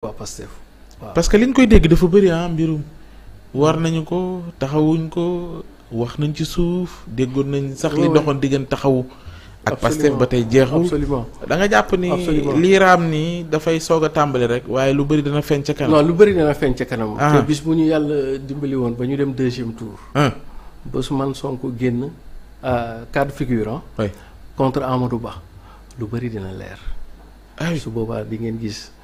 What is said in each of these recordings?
waa Pastef parce que liñ koy dégg dafa bëri ah mbirum war nañu ko taxawuñu ko wax nañ ci suuf déggoon nañ sax li doxoon diggante taxawu ak Pastef ba tey jeexul da nga jàpp ni lii raam nii dafay soog a tàmbali rek waaye lu bëri dana feeñ ca kanam lu bëri dana feeñ ca kanam ah. te bis bu ñu yàlla dimbali woon ba ñu dem deuxième tour ah. ba man sonk génn euh, cas de figure ah, contre Amadou Ba lu bëri dina leer su boobaa di ngeen gis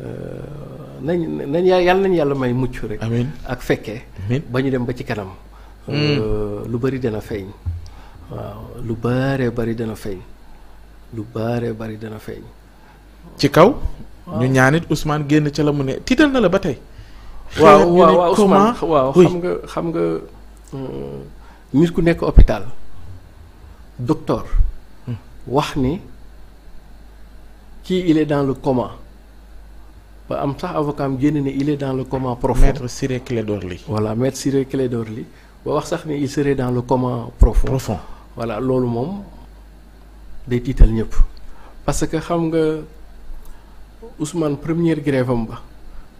Euh, nañ nañ yàlla nañ yàlla may mucc rek. amiin ak fekkee. ba ñu dem ba ci kanam. Mm. Euh, lu bari dana feeñ. waaw lu baaree bari dana feeñ. lu baaree bari dana feeñ. ci kaw. ñu ñaanit Ousmane génn ca la mu ne tiital na la ba tey. waaw waaw waaw waaw xam nga xam nga. Euh, nit ku nekk hôpital. docteur. Mm. wax ni kii il dans le comment ba am sax avocat am génn ne il est dans le coma profond. maître Ciré Clédor Ly. voilà maître Ciré Clédor Ly ba wax sax ni il serait dans le coma profond. profond voilà loolu moom day tiital ñëpp. parce que xam nga Ousmane première grève am ba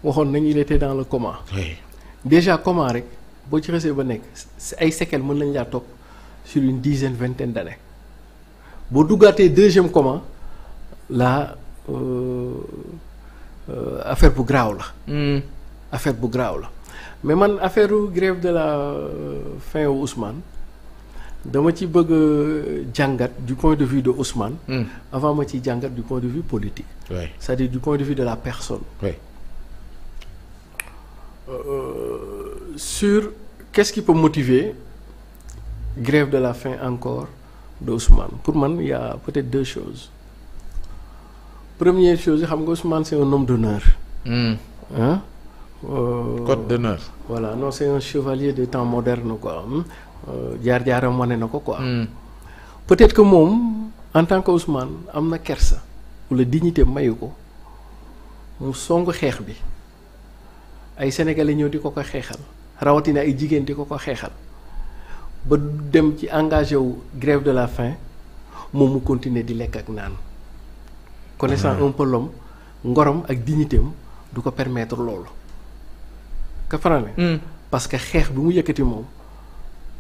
waxoon nañu il était dans le comment oui déjà coma rek boo ci xasee ba nekk ay séquelles mën nañ laa topp sur une dizaine vingtaine d'années boo duggaatee deuxième comment la. Euh, affaire bu graaw la. Hmm. affaire bu graaw la mais man affaire grève de la euh, faim wu Ousmane dama ci bëgg euh, jàngat du point de vue de Ousmane. Hmm. avant ma ciy jàngat du point de vue politique. oui cest dire du point de vue de la personne. sur quest qui peut motiver grève de la faim encore de Ousmane pour man il peut-être deux choses. première chose xam nga Ousmane c'est un homme d'honneur ah code d'honneur voilà non c'est un chevalier des temps modernes quoi hmm? euh, jaar-jaaram wane na ko ko hmm. peut-être que moom en tant que Ousmane am na kersa wala dignité mayu ko mu song xeex bi ay sénégalais ñëw di ko ko xeexal rawatina ay jigéen di ko ko xeexal ba dem ci engagé wu grève de la fin moom mu continuer di lekk ak naan connaissant un peu l'homme ngorom ak dignité du ko permettre loolu comprendre hmm. parce que xeex bi mu yëkkati moom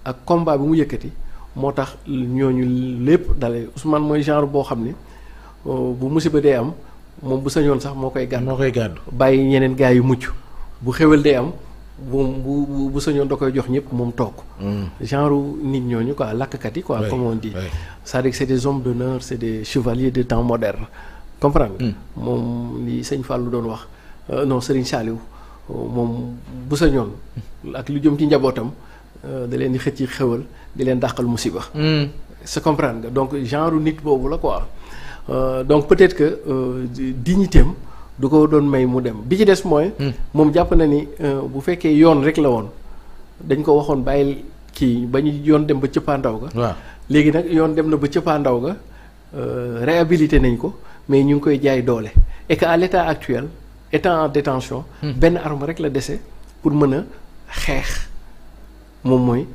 ak combat bi mu yëkkati moo tax ñooñu lépp dale Ousmane mooy genre boo xam ne euh, bu musiba dee am moom bu sañoon sax moo koy gàddu moo koy gàddu bàyyi ñeneen gars yu mucc bu xewel dee am moom bu bu sañoon da koy jox ñëpp moom toog hmm. genre nit ñooñu quoi lakkat yi quoi comme sa dit c'est-à-dire que des hommes d'honneur c'est des chevaliers de temps moderne comprendre mm. moom li sëñ Fallou doon wax euh, non Serigne Saliou moom bu sañoon ak lu jëm ci njabootam euh, da leen di xëcc xewal di leen dàqal musiba. c'est mm. comprendre nga donc genre nit boobu la ko quoi euh, donc peut-être que dignité am du ko doon may mu dem bi ci des mooy. Mm. moom jàpp na ni bu fekkee yoon rek la woon dañ ko waxoon bàyyil kii bañ yoon dem ba cëppaandaw ga. waaw léegi nag yoon dem na ba cëppaandaw ga réhabilité nañ ko. mais ñu ngi koy jaay doole et que à l'état actuel étant détention hmm. benn arme rek la dese pour mën a xeex moom mooy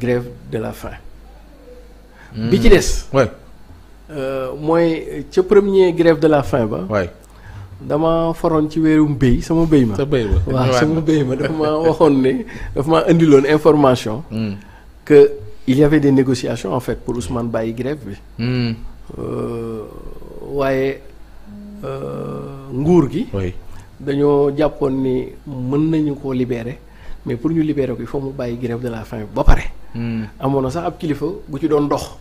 grève de la faim hmm. bi ci des euh, mooy ca premier grève de la faim ba dama faroon ci weerum béy sama béy ma waaw sama béy ma dafa ma waxoon ne dafa ma indiloon information hmm. que il y avait des en fait pour Ousmane bàyyi grève bi euh, waaye euh, nguur gi. dañoo jàppoon ni mën nañu koo libeere mais pour ñu libérer ko il faut mu bàyyi grève de la faim ba pare. Hmm. amoon na sax ab kilifa bu ci doon dox.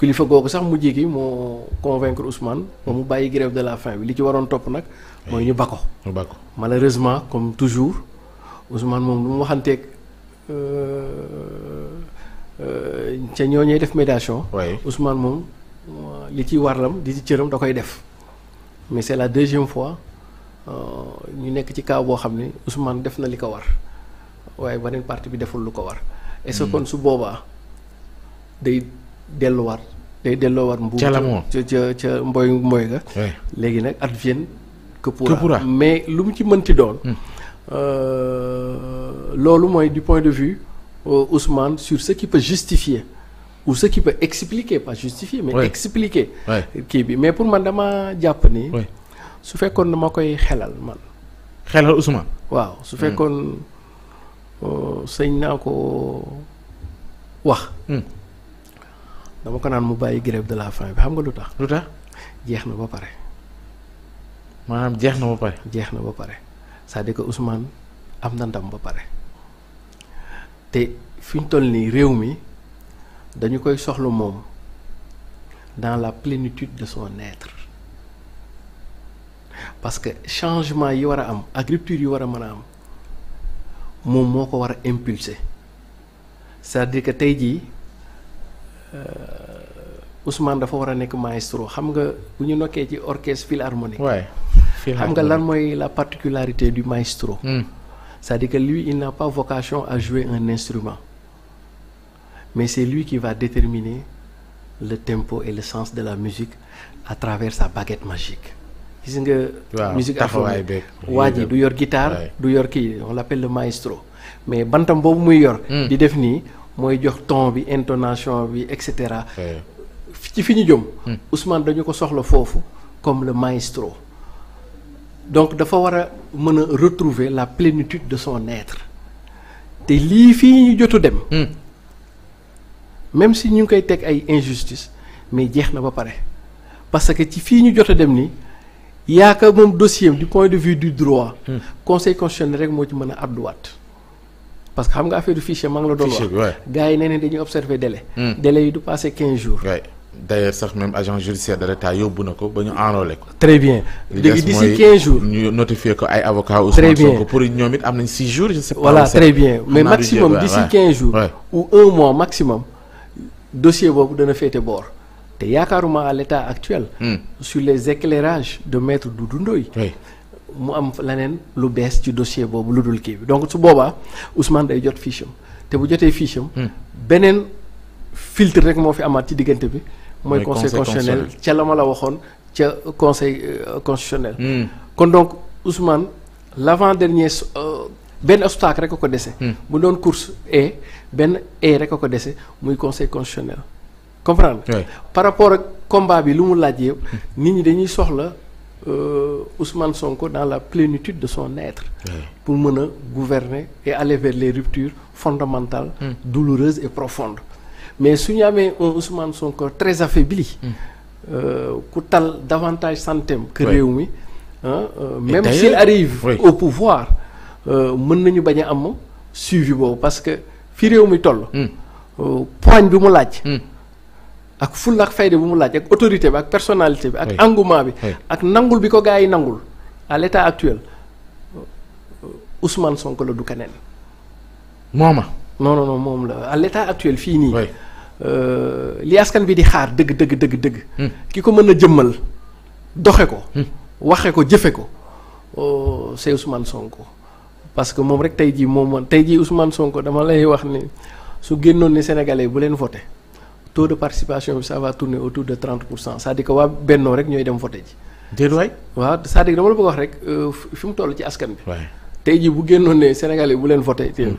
kilifa googu sax mu jigi moo convaincre Ousmane moom mu bàyyi grève de la faim bi li ci waroon topp nag. mooy ñu bako bako malheureusement comme toujours Ousmane moom lu mu waxanteeg euh, euh, ca ñooñee def médiation. Ousmane moom. Euh, li ciy warlam di ci cëram da koy def mais c'est la deuxième fois euh, ñu nekk ci cas boo xam ne Ousmane def na li ko war waaye beneen parti bi deful lu ko war. est-ce hmm. su boobaa day delluwaat day delloowaat. mbuur ca ca ca mboy mboy ga. léegi nag advienne que pourra mais lu mu ci mënti doon. Hmm. Euh, loolu mooy du point de vue Ousmane sur ce qui peut justifier. ou ce qui peut expliquer pas justifier mais oui. expliquer kii bi mais pour man dama jàpp ni su fekkoon dama koy xelal man xelal Ousmane waaw su mm. fekkoon euh, sëñ naa ko wax mm. dama ko naan mu bàyyi grève de la faim bi xam nga lu tax lu tax jeex na ba pare maanaam jeex na ba pare jeex na ba pare c'est-à-dire que am na ndam ba pare te fi ñu toll nii réew mi dañu koy soxla moom dans la plénitude de son être parce que changement yi war a am ak rupture yi war a mën a am moom moo ko war a impulser c'est-à-dire que tey jii euh, Ousmane dafa war a nekk maestro xam nga bu ñu nokkee ci orchestre philharmonique. waay xam nga lan mooy la particularité du maestro. Hmm. c'est-à-dire que lui il n'a pas vocation à jouer un instrument. mais c'est lui qui va déterminer le tempo et le sens de la musique à travers sa baguette magique gis nga musique afro waa ji du yor guitare du yor ki on l'appelle le maestro mais bantam boobu muy yor hmm. di def nii mooy jox ton bi intonation bi et cetera ci fi ñu jëm hmm. Ousmane dañu ko soxla foofu comme le maestro donc dafa war a mën a retrouver la plénitude de son être te lii fii ñu jotu dem hmm. même si ñu ngi koy teg ay injustice mais jeex na ba pare parce que ci fii ñu jot a dem nii yaakaar moom dossier du point de vue du droit. Mmh. conseil constitutionnel rek moo ci mën a abduwaat. parce que xam nga affaire du fichier la doon wax. gars yi nee ne dañuy observer délai. Mmh. délai yi du passé 15 jours. Ouais. d' sax même agent judiciaire de yóbbu na ko ba ñu enrôlé ko. très bien léegi d' ici 15 jours ñu notifié ko ay ou Ousmane Sonko pour ñoom it am nañ 6 jours. je sais dossier boobu dana féete boor te yaakaaruma à l'état actuel hmm. sur les éclairages de maître Doudou Ndoye mu am leneen lu bees ci dossier boobu lu dul kii bi donc su boobaa Ousmane day jot fiche te bu jotee fiche hmm. beneen filtre rek moo fi amaat ci diggante bi mooy conseil constitutionnel ca la ma la waxoon ca conseil euh, constitutionnel hmm. kon donc Ousmane l'avant-dernier euh, benn obstacle rek ko ko dese bu doon course et benn e rek a ko dese muy conseil constitutionnel comprendre par rapport ak combat bi lu mu laaj yëpp nit ñi dañuy soxla euh, Ousmane Sonko dans la plénitude de son être pour mën a gouverner et aller vers les ruptures fondamentales hmm. douloureuses et profonde mais su ñu amee un Ousmane Sonko très affaibli hmm. euh, ku tal davantage santeem que réew mi euh, même s'il arrive au pouvoir mën nañu bañ a am suivi boobu parce que fi réew mi toll. Hmm. poigne bi mu laaj. Hmm. ak fulla ak fayda bi mu laaj ak autorité bi ak personnalité bi. ak engouement bi. ak nangul bi ko gars yi nangul à l' état actuel euh, Ousmane la du keneen. mooma. non non non moom la à actuelle fii nii. Euh, li askan bi di xaar dëgg dëgg dëgg dëgg. Hmm. ki ko mën a jëmmal doxe ko. waxe ko jëfe ko euh, c'est Ousmane Sonko. parce que moom rek tey jii moom man tey jii Ousmane Sonko dama lay wax ni su génnoon ni sénégalais bu leen voté taux de participation bi ça va tourner autour pour cent c'est-à-dire que waa Bennoo rek ñooy dem voté ji. déedéet waay waaw cest à dama la bëgg wax rek euh, fi mu toll ci askan bi. waay tey jii bu génnoon ne sénégalais bu leen voté. Hmm.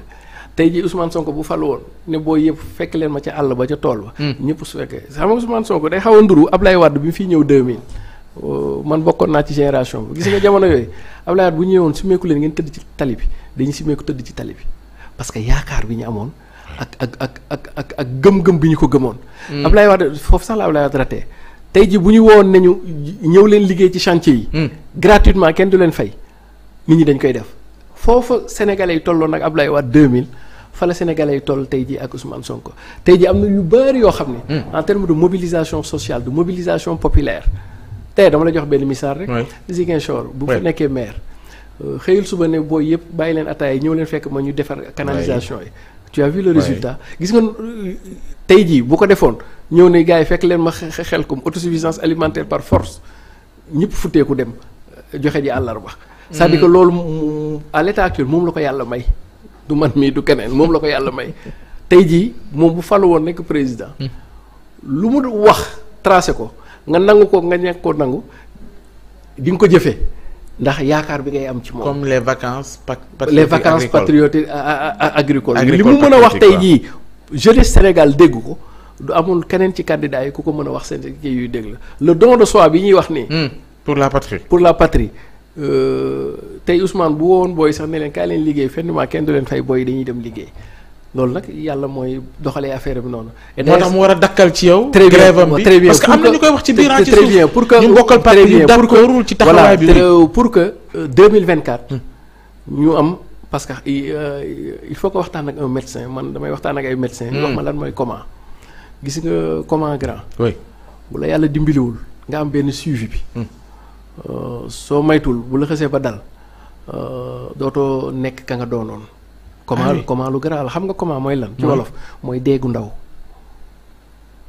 tey jii Ousmane Sonko bu falu woon ne boo yëpp fekk leen ma ca àll ba ca tool ba. Hmm. ñëpp su fekkee xam nga Ousmane Sonko day xaw a nduru Ablaye Wade bi mu fiy ñëw 2000. Euh, man bokkoon naa ci génération bi gis nga jamono yooyu Abdoulaye Wade bu ñëwoon si meeku leen ngeen tëdd ci tali bi dañu si tëdd ci tali bi parce que yaakaar bi ñu amoon ak ak ak ak ak ak gëm-gëm bi ñu ko gëmoon. Hmm. Abdoulaye Wade foofu sax la Abdoulaye Wade raté tey ji bu ñu woon nañu ñëw leen liggéey ci chantier yi. Hmm. gratuitement kenn du leen fay nit ñi dañ koy def foofa sénégalais yi tolloon ak Abdoulaye Wade 2000. fa la Sénégalais yi toll tey jii ak Ousmane Sonko tey jii am na yu bëri yoo xam ne. Hmm. en termes de mobilisation sociale de mobilisation populaire. tey dama la jox benn misaal rek. Ziguinchor bu nekkee maire. Euh, xëyul suba ne booy yëpp bàyyi leen ataaya ñëw leen fekk ma ñu defar canalisation yi. tu as vu résultat gis nga euh, tey jii bu ko defoon ñëw ne gars yi fekk leen ma xel comme autosuffisance alimentaire par force ñëpp futteeku dem euh, joxe ji àllarba. c'est-à-dire que mm. loolu à l'état moom la ko yàlla may du man mii du keneen moom la ko yàlla may tey jii moom bu falu woon nekk président. Mm. lu mu wax tracé ko. nga nangu ko nga ñàkk koo nangu di nga ko jëfee ndax yaakaar bi ngay am ci moom. comme les vacances patriotiques les vacances patriotiques agricoles li mu mën a wax tey jii jeunesse Sénégal dégg ko du amul keneen ci candidat ku ko mën a wax seen kii yuy dégg la le don de soi bi ñuy wax nii. Hmm, pour la patrie pour la patrie. Euh, tey Ousmane bu wowoon booy sax ne leen kaay leen liggéey fenn maa kenn du leen fay booy dañuy dem liggéey. loolu nag yàlla mooy doxalee affaire bi noonu. moo tax mu war a dakkal ci yow. très bien très bien parce que am na ñu koy wax ci biir ci suuf pour que ñu bokkal parti bi d'accordul ci taxawaay bi pour que 2024. Euh, hmm. ñu am parce que euh, il faut que waxtaan ak un médecin man damay waxtaan ak ay médecins. wax hmm. ma lan mooy comment. gis nga comment grand. bu la yàlla dimbiliwul nga am benn suivi bi. Hmm. Euh, soo maytul bu la xësee ba dal dootoo nekk ka nga doonoon. comment ah comment lu garaaw la xam nga comment mooy lan. ci wolof mooy déegu ndaw.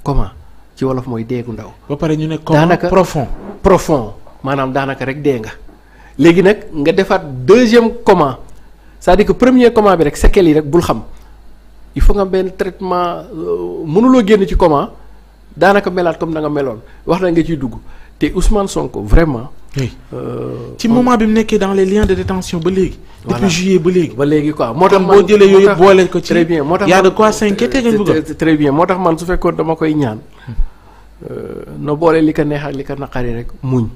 comment ci wolof mooy déegu ndaw. ba pare ñu ne comment profond profond maanaam daanaka rek dee nga. léegi nag nga defaat deuxième comment sa à que premier comment bi rek sekkeel yi rek bul xam il faut nga benn traitement euh, mënuloo génn ci comment daanaka melaat comme na nga meloon wax na nga ciy dugg te Ousmane Sonko vraiment. Euh, ci moment bi mu nekkee dans les lien de détention ba léegi. depuis juillet ba léegi. ba léegi quoi moo tax man boo jëlee yooyu boole ko ci. très bien moo tax a de quoi s'inquiéter ngeen bëgg très bien moo man su fekkoon dama koy ñaan. Euh, na boole li ko neex ak li ko naqari rek muñ.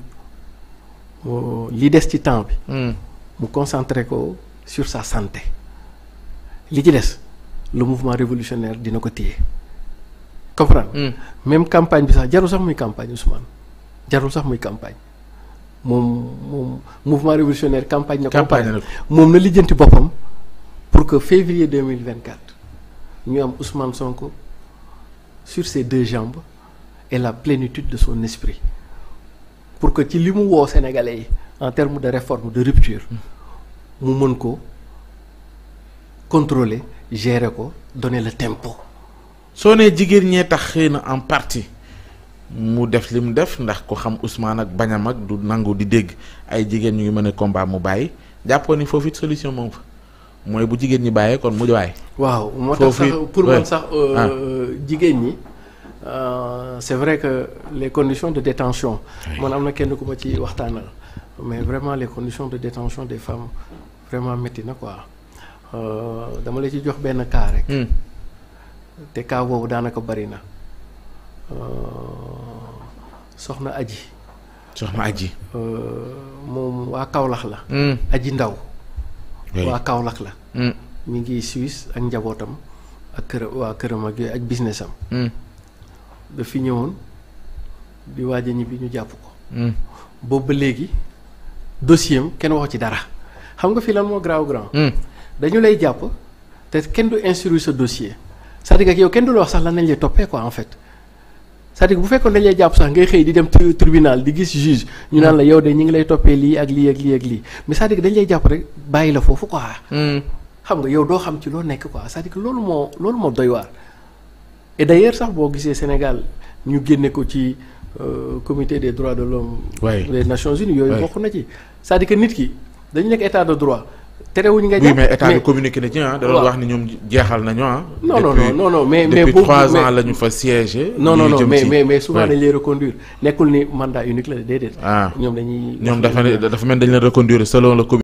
li des ci temps bi. Hmm. mu concentré ko sur sa santé. li ci des lu mouvement révolutionnaire dina ko téye. comprendre. Hmm. même campagne bi sax jarul sax muy campagne Ousmane jarul sax muy campagne. moom moom mouvement révolutionnaire campagne na ko moom na lijjanti boppam pour que février 2024 ñu am Ousmane Sonko sur ses deux jambes et la plénitude de son esprit pour que ci li mu woo sénégalais yi en terme de réforme de rupture mu mën ko contrôler gérer ko donner le tempo soo nee jigéen ñee tax xëy na en partie mu def li mu def ndax ko xam Ousmane ak bañam ak du nangu di dégg ay jigéen ñu ngi mën a combat mu bàyyi jàppoo ni foofu it solution moom fa mooy bu jigéen ñi bàyyee kon mu jaay. waaw moo tax sax pour man sax euh, ah. jigéen ñi. Euh, c'est vrai que les conditions de détention man am na kenn ku ma ci waxtaanal mais vraiment les conditions de détention des femmes vraiment métti na quoi euh, dama la ci jox benn cas rek. Hmm. te cas boobu daanaka bari na. soxna aji soxna aji euh, moom waa kawlax la aji ndaw waa Kaolack la hmm. hmm. mi ngi Suisse ak njabootam ak kër waa këram ak yooyu ak business am dafi hmm. ñëwoon di waaja ñi bi ñu jàpp ko boobu ba léegi dossier am kenn waxu ci dara xam nga fii lan moo graaw grand dañu lay jàpp te kenn du instruire sa dossier c'est-à-dire que yow kenn du la wax sax lan lañ lay toppee quoi en fait cest à bu fekkoon dañuy jàpp sax ngay xëy di dem tribunal di gis juge ñu naan la yow de ñu ngi lay toppee lii ak lii ak lii lii mais c'est-à-dire jàpp rek bàyyi la foofu quoi. Hmm. xam nga yow doo xam ci loo nekk ko c'est-à-dire loolu moo loolu moo doy waar. et d'ailleurs sax boo gisee Sénégal ñu génne ko ci euh, comité des droits de l'homme des Nations Unies yooyu bokk na ci c'est-à-dire nit ki dañ nekk état de droit. terewuñ nga jàpp oui mais état bi communiqué na ci ah. da doon wax ni ñoom jeexal nañu ah. non non mais mais depuis trois ans la ñu fa siégé. non non mais mais mais souvent dañ lay reconduire nekkul ni mandat unique la déedéet. ah ñoom dañuy. ñoom dafa dafa mel dañ leen reconduire selon le comité.